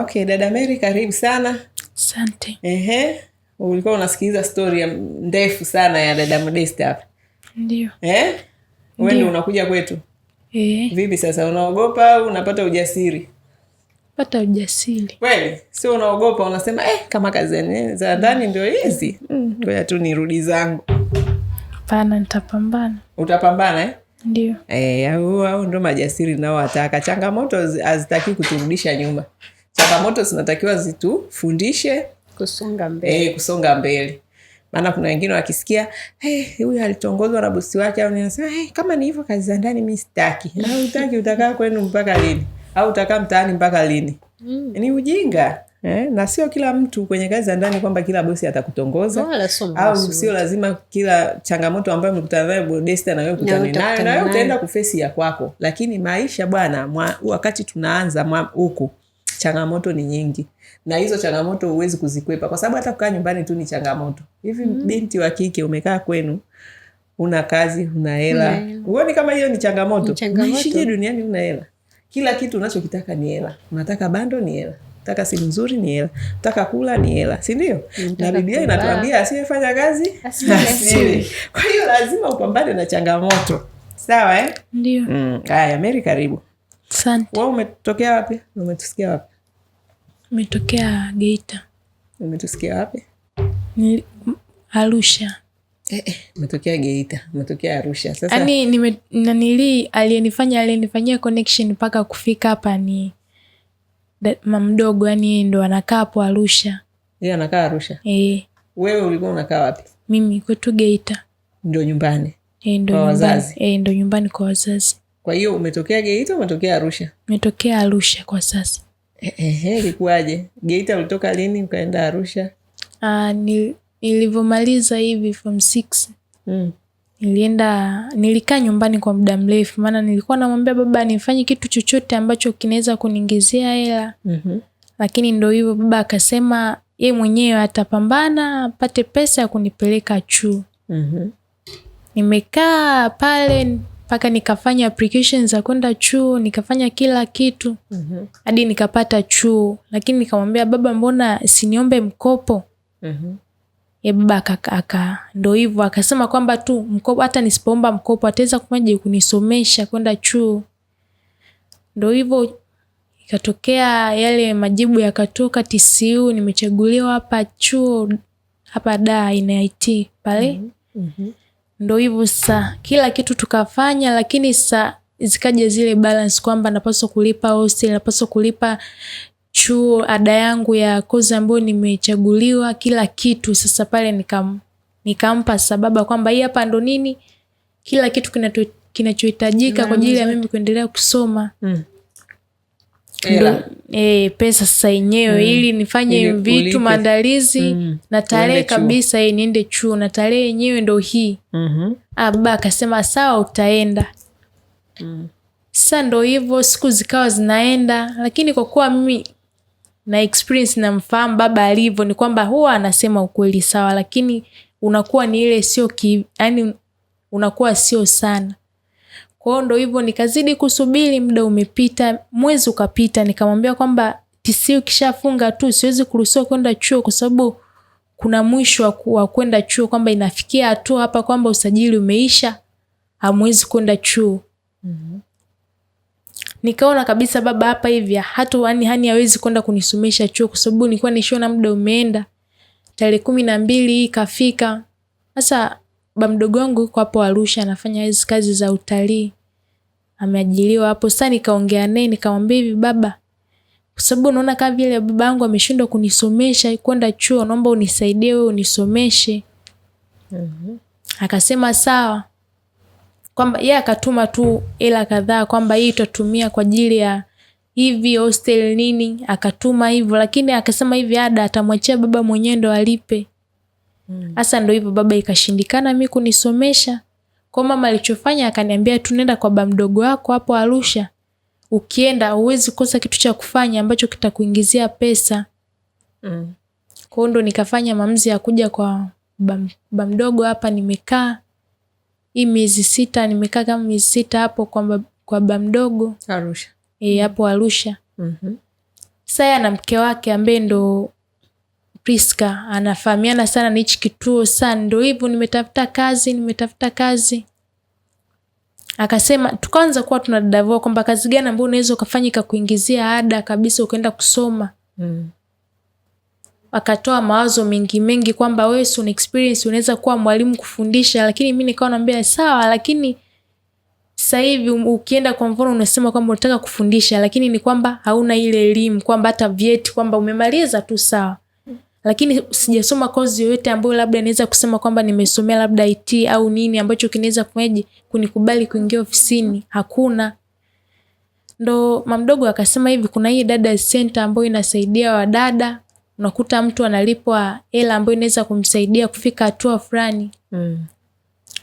Okay, dada Mary karibu sana. Asante. Ehe, ulikuwa unasikiliza stori ndefu sana ya dada Modesta hapa. Ndio. Eh? Wewe ndio unakuja kwetu. Eh. Vipi sasa unaogopa au unapata ujasiri? Pata ujasiri. Kweli? Sio unaogopa unasema eh, kama kazini za ndani ndio hizi. Mm-hmm. Ngoja tu nirudi zangu. Hapana, nitapambana. Utapambana eh? Ndio. Eh, au ndo majasiri nao wataka. Changamoto hazitaki kuturudisha nyuma changamoto zinatakiwa zitufundishe kusonga eh, mbele, hey, kusonga mbele. Maana kuna wengine wakisikia eh, huyu hey, alitongozwa na bosi wake, au nasema hey, eh, kama ni hivyo kazi za ndani mi sitaki. Ah, Utaki utakaa kwenu mpaka lini? Au utakaa mtaani mpaka lini? Mm. Ni ujinga eh? Na sio kila mtu kwenye kazi za ndani kwamba kila bosi atakutongoza au sio lazima kila changamoto ambayo mkutana nayo bodesti na wewe kutane nayo na wewe utaenda kufesi ya kwako, lakini maisha bwana, wakati tunaanza huku changamoto ni nyingi, na hizo changamoto huwezi kuzikwepa, kwa sababu hata kukaa nyumbani tu ni changamoto. Hivi mm. binti wa kike umekaa kwenu, una kazi, una hela, huoni kama hiyo ni changamoto? Unaishije duniani una hela? Kila kitu unachokitaka ni hela. Unataka bando, ni hela taka simu nzuri ni hela, taka kula ni hela, si ndio? Na Biblia inatuambia asiyefanya kazi asile. Kwa hiyo lazima upambane na changamoto, sawa eh? Ndio. Mm. Haya, mm. Meri, karibu. Asante. Wewe umetokea wapi? Umetusikia wapi? Umetokea Geita? Umetusikia wapi? Ni Arusha. Eh, eh, umetokea Geita, umetokea Arusha. Sasa yaani nime nanili aliyenifanya aliyenifanyia connection mpaka kufika hapa ni mamdogo, mdogo, yaani ndo anakaa hapo Arusha. Yeye anakaa Arusha. Eh. Wewe ulikuwa unakaa wapi? Mimi kwetu Geita. Ndio nyumbani. E, ndo kwa wazazi. Eh, ndo nyumbani kwa wazazi. Kwa hiyo umetokea Geita, umetokea Arusha? Umetokea Arusha kwa sasa. Ilikuwaje? Geita ulitoka lini ukaenda Arusha? Ah, ni, nilivyomaliza hivi form six mm. Nilienda, nilikaa nyumbani kwa muda mrefu, maana nilikuwa namwambia baba nifanye kitu chochote ambacho kinaweza kuniingizia hela mm -hmm. Lakini ndo hivyo, baba akasema ye mwenyewe atapambana apate pesa ya kunipeleka chuo mm -hmm. Nimekaa pale mpaka nikafanya application za kwenda chuo, nikafanya kila kitu mhm. hadi nikapata chuo, lakini nikamwambia baba, mbona siniombe mkopo? Mhm. Ya baba akaka ndo hivo akasema kwamba tu mkopo, hata nisipoomba mkopo ataweza kumaje kunisomesha kwenda chuo. Ndo hivo ikatokea yale majibu yakatoka, TCU nimechaguliwa hapa chuo hapa da pale mm pale. mm -hmm ndo hivyo sa kila kitu tukafanya, lakini sa zikaja zile balance kwamba napaswa kulipa hosteli, napaswa kulipa chuo, ada yangu ya kozi ambayo nimechaguliwa, kila kitu. Sasa pale nikam, nikampa sababu kwamba hii hapa ndo nini, kila kitu kinachohitajika kwa ajili ya mimi kuendelea kusoma mm e, pesa sasa yenyewe mm. ili nifanye vitu maandalizi mm. na tarehe kabisa hii eh, niende chuo na tarehe yenyewe ndo hii mm -hmm. baba akasema sawa utaenda mm. Sasa ndo hivyo siku zikawa zinaenda, lakini kwa kuwa mimi na experience namfahamu baba alivyo, ni kwamba huwa anasema ukweli sawa, lakini unakuwa ni ile sio yani unakuwa sio sana kwa ndo hivyo, nikazidi kusubiri, muda umepita, mwezi ukapita, nikamwambia kwamba TC ukishafunga tu siwezi kuruhusiwa kwenda chuo kwa sababu kuna mwisho wa kwenda chuo, kwamba inafikia hatua hapa kwamba usajili umeisha, hamwezi kwenda chuo. mm -hmm. Nikaona kabisa baba hapa hivi hata yani hani hawezi kwenda kunisomesha chuo kwa sababu nilikuwa nishona muda umeenda, tarehe kumi na mbili hii ikafika. Sasa ba mdogo wangu yuko hapo Arusha anafanya hizo kazi za utalii, ameajiliwa hapo. Sasa nikaongea naye nikamwambia, hivi baba, kwa sababu unaona kama vile baba yangu ameshindwa kunisomesha kwenda chuo, naomba unisaidie wewe unisomeshe. mm -hmm. Akasema sawa, kwamba yeye akatuma tu hela kadhaa kwamba hii utatumia kwa ajili ya hivi hostel nini, akatuma hivyo, lakini akasema hivi ada atamwachia baba mwenyewe ndo alipe mm. ndo hivyo baba, ikashindikana mi kunisomesha kwa mama. Alichofanya akaniambia tu nenda kwa ba mdogo wako hapo Arusha, ukienda huwezi kosa kitu cha kufanya ambacho kitakuingizia pesa mm. Kwao ndo nikafanya maamuzi ya kuja kwa ba mdogo hapa. Nimekaa hii miezi sita, nimekaa kama miezi sita hapo kwa ba mdogo Arusha eh, hapo Arusha. E, Arusha. Mm -hmm. Saya na mke wake ambaye ndo Priska anafahamiana sana na hichi kituo sana, ndo hivyo nimetafuta kazi, nimetafuta kazi. Akasema tukaanza kuwa tunadadavua kwamba kazi gani ambayo unaweza ukafanya ikakuingizia ada kabisa ukaenda kusoma mm. Akatoa mawazo mengi mengi kwamba wewe una experience unaweza kuwa mwalimu kufundisha, lakini mi nikawa naambia sawa, lakini sasa hivi ukienda kwa mfano unasema kwamba unataka kufundisha, lakini ni kwamba hauna ile elimu kwamba hata vyeti kwamba umemaliza tu sawa, lakini sijasoma kozi yoyote ambayo labda naweza kusema kwamba nimesomea labda IT au nini ambacho kinaweza kueje kunikubali kuingia ofisini, hakuna. Ndo mamdogo akasema hivi, kuna hii dada center ambayo inasaidia wadada, unakuta mtu analipwa hela ambayo inaweza kumsaidia kufika hatua fulani mm.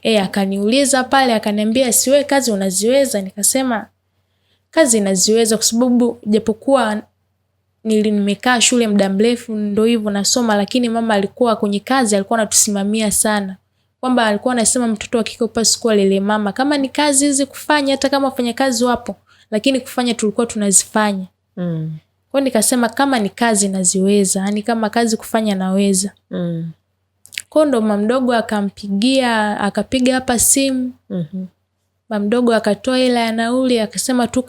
E, akaniuliza pale, akaniambia siwe kazi unaziweza? Nikasema kazi inaziweza, kwa sababu japokuwa nili nimekaa shule muda mrefu ndo hivyo nasoma, lakini mama alikuwa kwenye kazi, alikuwa anatusimamia sana kwamba alikuwa anasema mtoto wa kike upasi kuwa lele mama, kama ni kazi hizi kufanya, hata kama wafanyakazi wapo, lakini kufanya tulikuwa tunazifanya mm. Kwa nikasema kama ni kazi naziweza, yani kama kazi kufanya naweza mm. Kwa ndo mamdogo akampigia akapiga hapa simu mm -hmm. Mamdogo akatoa hela ya nauli akasema tu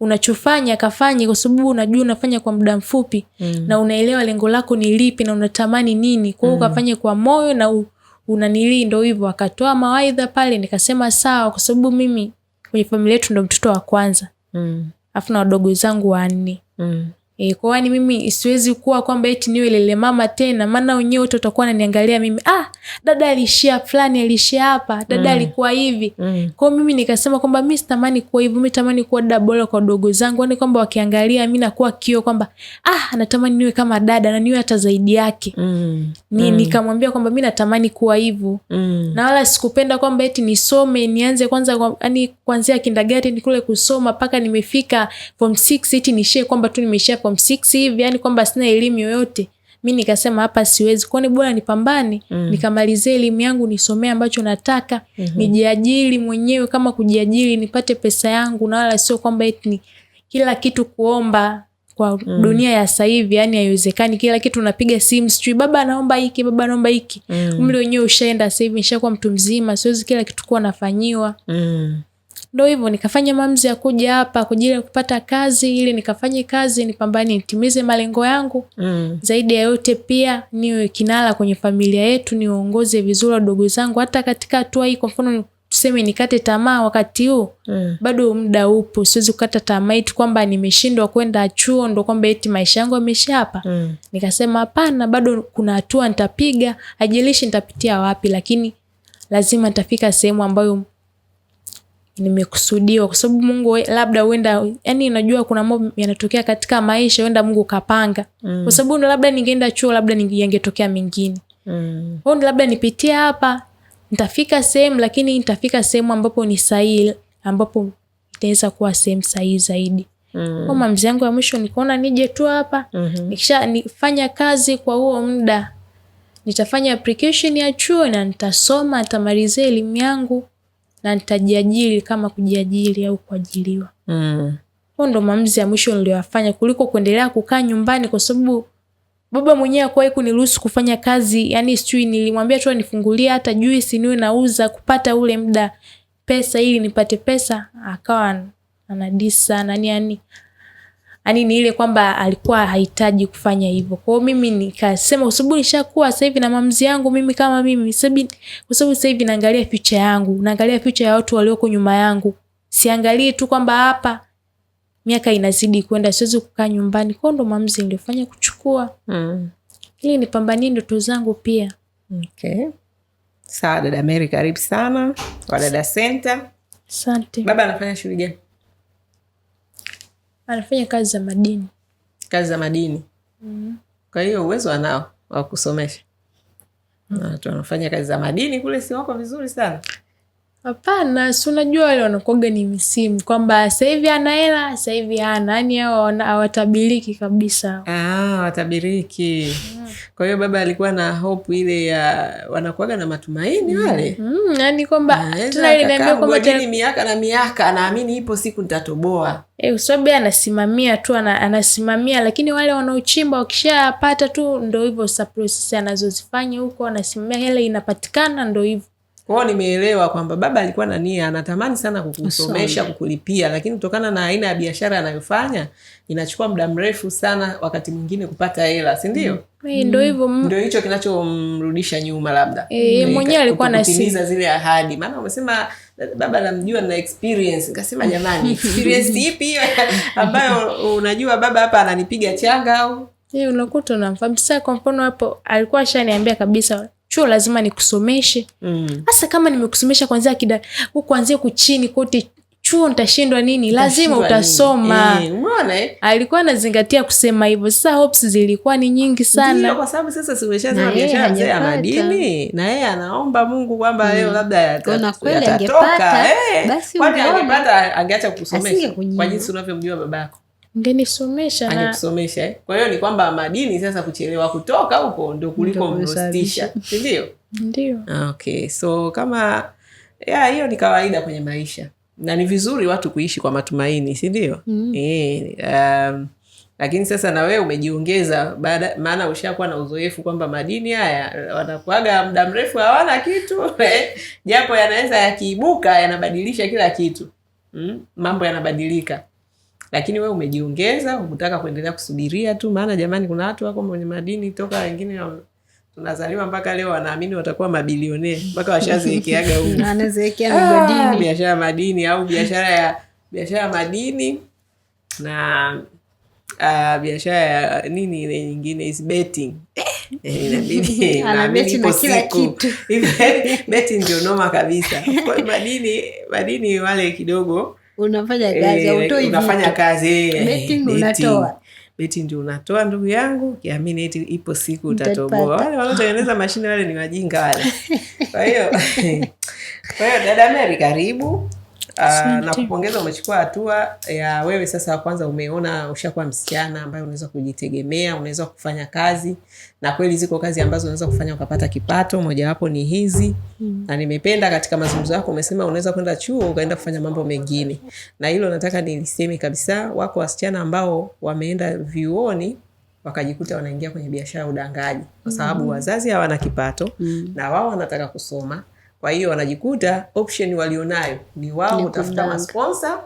unachofanya kafanye, kwa sababu unajua unafanya kwa muda mfupi mm. na unaelewa lengo lako ni lipi na unatamani nini, kwa hiyo mm. ukafanye kwa moyo na unanilii. Ndo hivyo akatoa mawaidha pale, nikasema sawa, kwa sababu mimi kwenye familia yetu ndo mtoto wa kwanza mm. afu na wadogo zangu wanne mm. E, kwa yani mimi siwezi kuwa kwamba eti niwe lele mama tena, maana wenyewe wote watakuwa naniangalia mimi, ah, dada alishia fulani, alishia hapa, dada mm. alikuwa mm. hivi mm. Kwao mimi nikasema kwamba mi sitamani kuwa hivyo, mi tamani kuwa dada bora kwa dogo zangu, yani kwamba wakiangalia mi nakuwa kio kwamba ah, natamani niwe kama dada na niwe hata zaidi yake mm. ni mm. nikamwambia kwamba mi natamani kuwa hivyo mm. na wala sikupenda kwamba eti nisome nianze kwanza, yani kuanzia kindergarten kule kusoma mpaka nimefika form 6 eti nishie kwamba tu nimeshia form six hivi, yani kwamba sina elimu yoyote mi nikasema hapa siwezi, kwani bora nipambane mm. nikamalizie elimu yangu nisomee ambacho nataka mm -hmm. nijiajiri mwenyewe kama kujiajiri, nipate pesa yangu, na wala sio kwamba etni kila kitu kuomba kwa mm. dunia ya sasa hivi, yani haiwezekani. Kila kitu unapiga simu, sijui baba anaomba hiki, baba anaomba hiki mm. umri wenyewe ushaenda sasa hivi, nishakuwa mtu mzima, siwezi kila kitu kuwa nafanyiwa mm ndo hivyo nikafanya maamuzi ya kuja hapa kwa ajili ya kupata kazi ili nikafanye kazi nipambane nitimize malengo yangu mm. zaidi ya yote pia niwe kinala kwenye familia yetu niwaongoze vizuri wadogo zangu hata katika hatua hii kwa mfano tuseme nikate tamaa wakati huu mm. bado muda upo siwezi kukata tamaa eti kwamba nimeshindwa kwenda chuo ndo kwamba eti maisha yangu yameisha hapa mm. nikasema hapana bado kuna hatua nitapiga ajilishi nitapitia wapi lakini lazima nitafika sehemu ambayo nimekusudiwa, kwa sababu Mungu labda huenda, yani unajua kuna mambo yanatokea katika maisha, huenda Mungu kapanga mm. kwa sababu labda ningeenda chuo, labda yangetokea mengine mm. au labda nipitie hapa, nitafika sehemu, lakini nitafika sehemu ambapo ni sahihi, ambapo itaweza kuwa sehemu sahihi zaidi. Mm. Maamuzi yangu ya mwisho nikaona nije tu hapa mm -hmm. Nikisha nifanya kazi kwa huo muda nitafanya application ya chuo na nitasoma, nitamalizia elimu yangu mm na nitajiajiri kama kujiajiri au kuajiriwa. Mm. Huo ndo maamuzi ya mwisho niliyoyafanya kuliko kuendelea kukaa nyumbani kwa sababu baba mwenyewe hakuwahi kuniruhusu kufanya kazi. Yani sijui nilimwambia tu nifungulie hata juisi niwe nauza kupata ule muda pesa ili nipate pesa, akawa anadisa nani yani yani ni ile kwamba alikuwa hahitaji kufanya hivyo. Kwa hiyo mimi nikasema kwa sababu nishakuwa sasa hivi na mamzi yangu mimi kama mimi, kwa sababu sasa hivi naangalia future yangu, naangalia future ya watu walioko nyuma yangu, siangalie tu kwamba hapa miaka inazidi kwenda, siwezi kukaa nyumbani. Kwa hiyo ndo mamzi niliyofanya kuchukua mm. ili nipambanie ndoto zangu pia. Okay. Sawa dada Mary, karibu sana Wadada Senta. Asante. Baba anafanya shughuli gani? anafanya kazi za madini. Kazi za madini. Mm. Kwa hiyo uwezo anao wa kusomesha. Mm. Na watu wanafanya kazi za madini kule, si wako vizuri sana. Hapana, si unajua wale wanakuaga ni misimu kwamba sahivi ana hela, sahivi hana, yaani hao hawatabiriki kabisa. Ah, watabiriki. Mm. Kwa hiyo baba alikuwa na hope ile ya wanakuaga na matumaini mm. wale mm, yaani kwamba tunaliniambia miaka na miaka anaamini ipo siku nitatoboa. Eh, kwa sababu anasimamia tu ana, anasimamia lakini wale wanaochimba wakishapata tu ndo hivyo, process anazozifanya huko anasimamia hela inapatikana ndo hivyo kwao nimeelewa kwamba baba alikuwa na nia, anatamani sana kukusomesha, kukulipia, lakini kutokana na aina ya biashara anayofanya inachukua muda mrefu sana, wakati mwingine kupata hela, si ndio? Mm. Ndio mm. hivyo, mm. ndo hicho kinachomrudisha nyuma, labda eh, yeye mwenyewe alikuwa anatimiza zile ahadi. Maana umesema baba namjua na experience, nikasema jamani, experience ipi hiyo ambayo unajua baba hapa ananipiga changa au eh, unakuta unamfahamu. Sasa kwa mfano hapo alikuwa ashaniambia kabisa chuo lazima nikusomeshe. Mm. Hasa mm. kama nimekusomesha kwanzia kida kuanzia kuchini kote chuo ntashindwa nini? Lazima utasoma. E, Alikuwa anazingatia kusema hivyo. Sasa hopes zilikuwa ni nyingi sana. kwa sababu sasa si umeshasema biashara mzee ana madini na yeye anaomba Mungu kwamba mm. leo labda yatatoka. Eh. kwani angepata angeacha kusomesha kwa jinsi unavyomjua babako. Angenisomesha angekusomesha eh? Kwa hiyo ni kwamba madini sasa kuchelewa kutoka huko ndo kuliko mrostisha, sindio ndio? Okay, so kama ya hiyo ni kawaida kwenye maisha na ni vizuri watu kuishi kwa matumaini, sindio mm. E, um, lakini sasa na wewe umejiongeza baada, maana ushakuwa na uzoefu kwamba madini haya wanakuaga muda mrefu hawana kitu eh? japo yanaweza yakiibuka yanabadilisha kila kitu mm? mambo yanabadilika lakini we umejiongeza, hukutaka kuendelea kusubiria tu. Maana jamani, kuna watu wako mwenye madini toka wengine tunazaliwa mpaka leo wanaamini watakuwa mabilionea mpaka washazeekeaga ah, biashara ya madini au biashara ya biashara ya madini na uh, biashara ya nini ile nyingine is betting eh, eh, beti ndio noma kabisa. Madini madini wale kidogo unafanya eh, kazi autoi unafanya kazi betting unatoa beti ndio unatoa ndugu yangu, kiamini eti ipo siku utatoboa. Wale wanaotengeneza mashine wale ni wajinga wale. Kwa hiyo kwa hiyo dada Mary, karibu Ah, na kupongeza, umechukua hatua ya wewe sasa, kwanza umeona ushakuwa msichana ambaye unaweza kujitegemea, unaweza kufanya kazi, na kweli ziko kazi ambazo unaweza kufanya ukapata kipato, mojawapo ni hizi mm. na nimependa katika mazungumzo yako umesema unaweza kwenda chuo ukaenda kufanya mambo mengine, na hilo nataka niliseme kabisa. Wako wasichana ambao wameenda vyuoni wakajikuta wanaingia kwenye biashara ya udangaji kwa sababu mm. wazazi hawana kipato mm. na wao wanataka kusoma kwa hiyo wanajikuta option walionayo ni wao kutafuta masponsa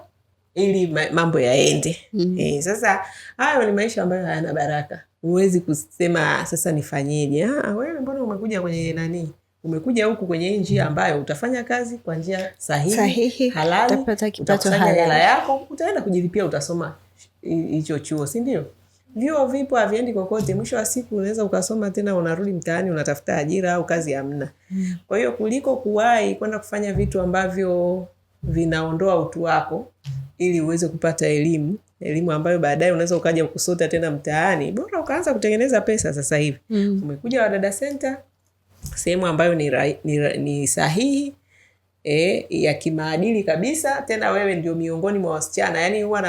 ili mambo yaende. mm. E, sasa hayo ni maisha ambayo hayana baraka. Huwezi kusema sasa nifanyeje? Ah, wewe mbona umekuja kwenye nani umekuja huku kwenye hii njia ambayo utafanya kazi kwa njia sahihi, sahihi, halali, utakusanya hela yako, utaenda kujilipia, utasoma hicho chuo, si ndio? vyuo vipo haviendi kokote. Mwisho wa siku unaweza ukasoma tena unarudi mtaani unatafuta ajira au kazi hamna. Mm. Kwa hiyo kuliko kuwahi kwenda kufanya vitu ambavyo vinaondoa utu wako ili uweze kupata elimu elimu ambayo baadaye unaweza ukaja kusota tena mtaani, bora ukaanza kutengeneza pesa sasa hivi. mm. Umekuja Wadada Center, sehemu ambayo ni, ra, ni, ra, ni sahihi e, ya kimaadili kabisa. Tena wewe ndio miongoni mwa wasichana, yani huwa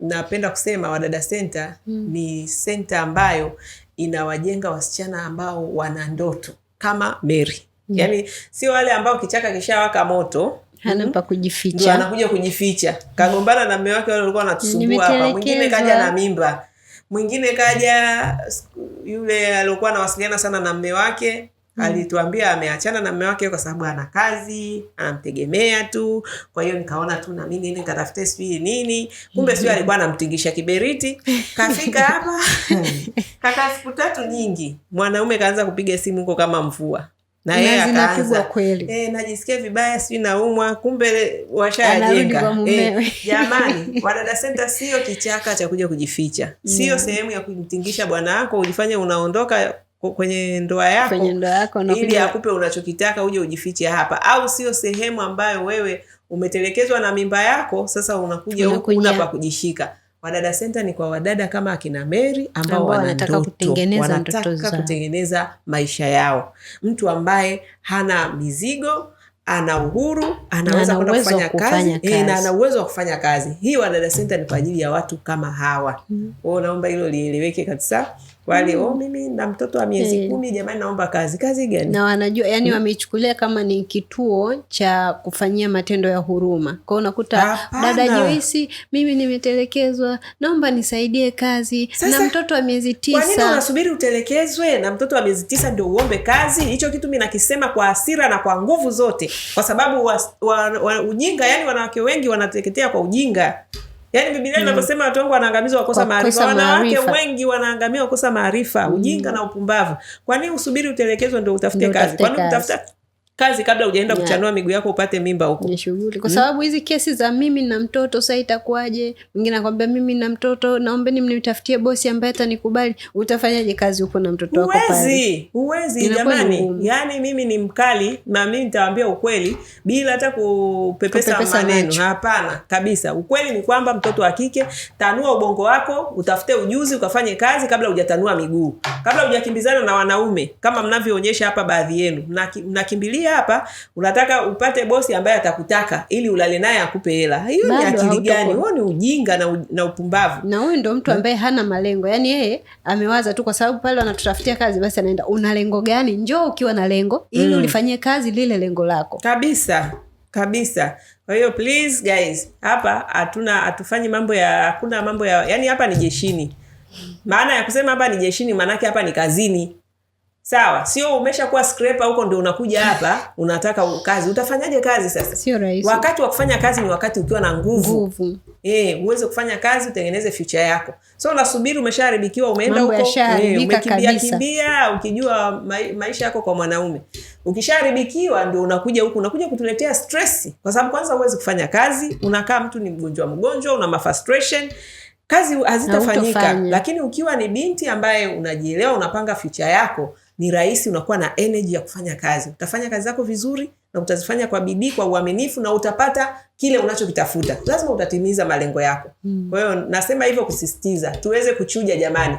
napenda kusema Wadada Center mm. ni senta ambayo inawajenga wasichana ambao wana ndoto kama Mary yeah. yaani sio wale ambao kichaka kishawaka moto hana hmm, pa kujificha, anakuja kujificha, kagombana na mume wake, wale walikuwa wanatusumbua hapa. Mwingine kaja na mimba, mwingine kaja yule aliokuwa anawasiliana sana na mume wake Mm. Alituambia ameachana na mme wake kwa sababu ana kazi, anamtegemea tu. Kwa hiyo nikaona tu na mimi nini nikatafute sijui nini. Kumbe mm-hmm. siu alikuwa anamtingisha kiberiti. Kafika hapa. Kaka siku tatu nyingi. Mwanaume kaanza kupiga simu huko kama mvua. Na e, akaanza eh, najisikia vibaya sijui naumwa. Kumbe washajenga. e, jamani, Wadada Center sio kichaka cha kuja kujificha. Sio mm. sehemu ya kumtingisha bwana wako ujifanye unaondoka kwenye ndoa yako, kwenye ndoa yako ili akupe unachokitaka uje ujifiche hapa, au sio sehemu ambayo wewe umetelekezwa na mimba yako. Sasa unakuja huku una pa kujishika. Wadada Senta ni kwa wadada kama akina Mary ambao wanataka kutengeneza, wanataka kutengeneza maisha yao, mtu ambaye hana mizigo ana uhuru, anaweza kwenda kufanya kazi, eh, kazi. E, na ana uwezo wa kufanya kazi. Hii Wadada Senta ni kwa ajili ya watu kama hawa. Mm. Naomba hilo lieleweke kabisa wale mm. Oh, mimi na mtoto wa miezi hey. Eh. kumi, jamani, naomba kazi. Kazi gani? Na wanajua yani, mm. wamechukulia kama ni kituo cha kufanyia matendo ya huruma kwao. Unakuta Dada juisi mimi nimetelekezwa, naomba nisaidie kazi. Sasa, na mtoto wa miezi tisa. Kwa nini unasubiri utelekezwe na mtoto wa miezi tisa ndio uombe kazi? Hicho kitu mi nakisema kwa asira na kwa nguvu zote, kwa sababu wa, wa, wa, ujinga yani, wanawake wengi wanateketea kwa ujinga yaani Biblia mm. inavyosema mm. watu wangu wanaangamizwa wakosa maarifa. Wanawake wengi wanaangamia wakosa maarifa, ujinga mm. na upumbavu. Kwa nini usubiri utelekezwe ndio utafute kazi? nini utafuta kazi kabla ujaenda yeah. kuchanua miguu yako upate mimba huko ni shughuli, kwa hmm? sababu hizi mm. kesi za mimi na mtoto sasa itakuwaje? Mwingine anakwambia mimi na mtoto, naombeni mnitafutie bosi ambaye atanikubali. Utafanyaje kazi huko na mtoto wako pale? Huwezi jamani, yani mimi ni mkali na mimi nitawaambia ukweli bila hata kupepesa, kupepesa maneno. Hapana kabisa, ukweli ni kwamba mtoto wa kike, tanua ubongo wako, utafute ujuzi, ukafanye kazi kabla hujatanua miguu, kabla hujakimbizana na wanaume kama mnavyoonyesha hapa, baadhi yenu mnakimbilia kuja hapa unataka upate bosi ambaye atakutaka ili ulale naye akupe hela. Hiyo ni akili gani? Huo ni ujinga na, na upumbavu. Na huyu ndo mtu hmm? ambaye hana malengo, yaani yeye amewaza tu, kwa sababu pale wanatutafutia kazi, basi anaenda. Una lengo gani? Njoo ukiwa na lengo ili mm, ulifanyie kazi lile lengo lako kabisa kabisa. Kwa hiyo please guys, hapa hatuna hatufanyi mambo ya hakuna mambo ya, yani hapa ni jeshini. Maana ya kusema hapa ni jeshini, maanake hapa ni kazini sawa, sio umeshakuwa skrepa huko ndio unakuja hapa unataka kazi, utafanyaje kazi sasa? Sio rahisi. Wakati wa kufanya kazi ni wakati ukiwa na nguvu, eh, uweze kufanya kazi, utengeneze future yako. So nasubiri umesharibikiwa umeenda huko, e, ukijua maisha yako kwa mwanaume ukisharibikiwa ndio unakuja huku, unakuja kutuletea stresi kwa sababu kwanza uwezi kufanya kazi, unakaa mtu ni mgonjwa mgonjwa, una mafrustration kazi hazitafanyika. Lakini ukiwa ni binti ambaye unajielewa, unapanga future yako ni rahisi, unakuwa na energy ya kufanya kazi. Utafanya kazi zako vizuri na utazifanya kwa bidii, kwa uaminifu na utapata kile unachokitafuta. Lazima utatimiza malengo yako. Hmm. Kwa hiyo nasema hivyo kusisitiza, tuweze kuchuja jamani.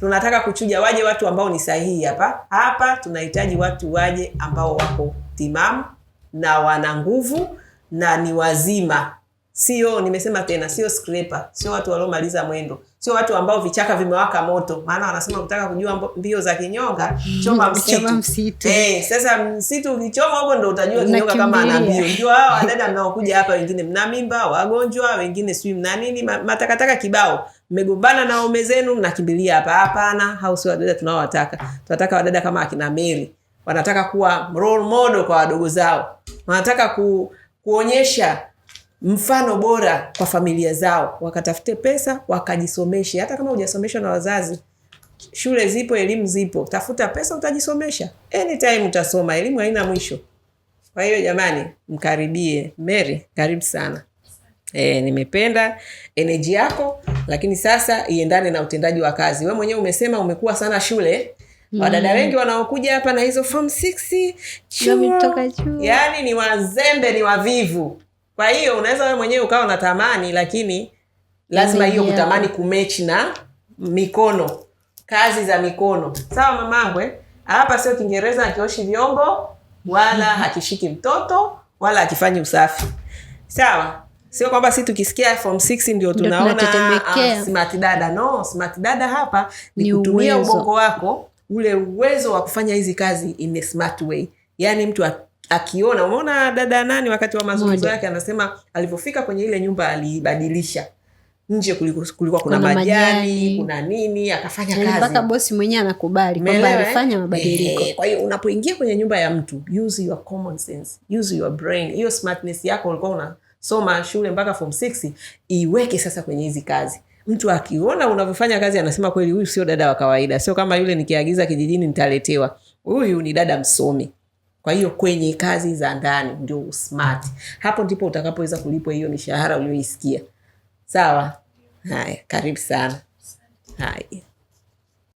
Tunataka kuchuja, waje watu ambao ni sahihi hapa hapa. Tunahitaji watu waje ambao wako timamu na wana nguvu na ni wazima sio, nimesema tena, sio scraper, sio watu waliomaliza mwendo, sio watu ambao vichaka vimewaka moto. Maana wanasema kutaka kujua mbio za kinyonga, mm. choma msitu, msitu. Eh, sasa msitu ukichoma huko ndo utajua kinyonga kama ana mbio. Ndio hao wadada mnaokuja hapa, wengine mna mimba, wagonjwa, wengine sijui mna nini, matakataka kibao, mmegombana na waume zenu, mnakimbilia hapa. Hapana, hao sio wadada tunaowataka. Tunataka wadada kama akina Mary, wanataka kuwa role model kwa wadogo zao, wanataka ku, kuonyesha mfano bora kwa familia zao, wakatafute pesa wakajisomeshe. Hata kama hujasomeshwa na wazazi, shule zipo, elimu zipo, tafuta pesa utajisomesha. Anytime utasoma, elimu haina mwisho. Kwa hiyo jamani, mkaribie Mary. Karibu sana. E, nimependa eneji yako, lakini sasa iendane na utendaji wa kazi. We mwenyewe umesema umekuwa sana shule Mm. Wadada wengi wanaokuja hapa na hizo form 6 chuo, yani ni wazembe, ni wavivu. Kwa hiyo unaweza wewe mwenyewe ukawa unatamani, lakini lazima hiyo kutamani kumechi na mikono, kazi za mikono. Sawa mamangwe, hapa sio Kiingereza akioshi vyombo wala hakishiki mtoto wala akifanyi usafi. Sawa, sio kwamba si tukisikia form 6 ndio tunaona uh, dada. No, smart dada hapa ni kutumia ubongo wako ule uwezo wa kufanya hizi kazi in a smart way, yaani mtu akiona. Umeona dada nani, wakati wa mazungumzo yake, anasema alivyofika kwenye ile nyumba alibadilisha nje kulikuwa kuna majani kuna nini, akafanya yaani kazi mpaka bosi mwenyewe anakubali kwamba eh? alifanya mabadiliko. Eh, kwa hiyo unapoingia kwenye nyumba ya mtu, use your common sense, use your brain. Hiyo smartness yako ulikuwa unasoma shule mpaka form 6 iweke sasa kwenye hizi kazi. Mtu akiona unavyofanya kazi anasema kweli, huyu sio dada wa kawaida, sio kama yule nikiagiza kijijini nitaletewa. Huyu ni dada msomi. Kwa hiyo kwenye kazi za ndani ndio smart, hapo ndipo utakapoweza kulipwa hiyo mishahara uliyoisikia. Sawa, haya, karibu sana. Haya.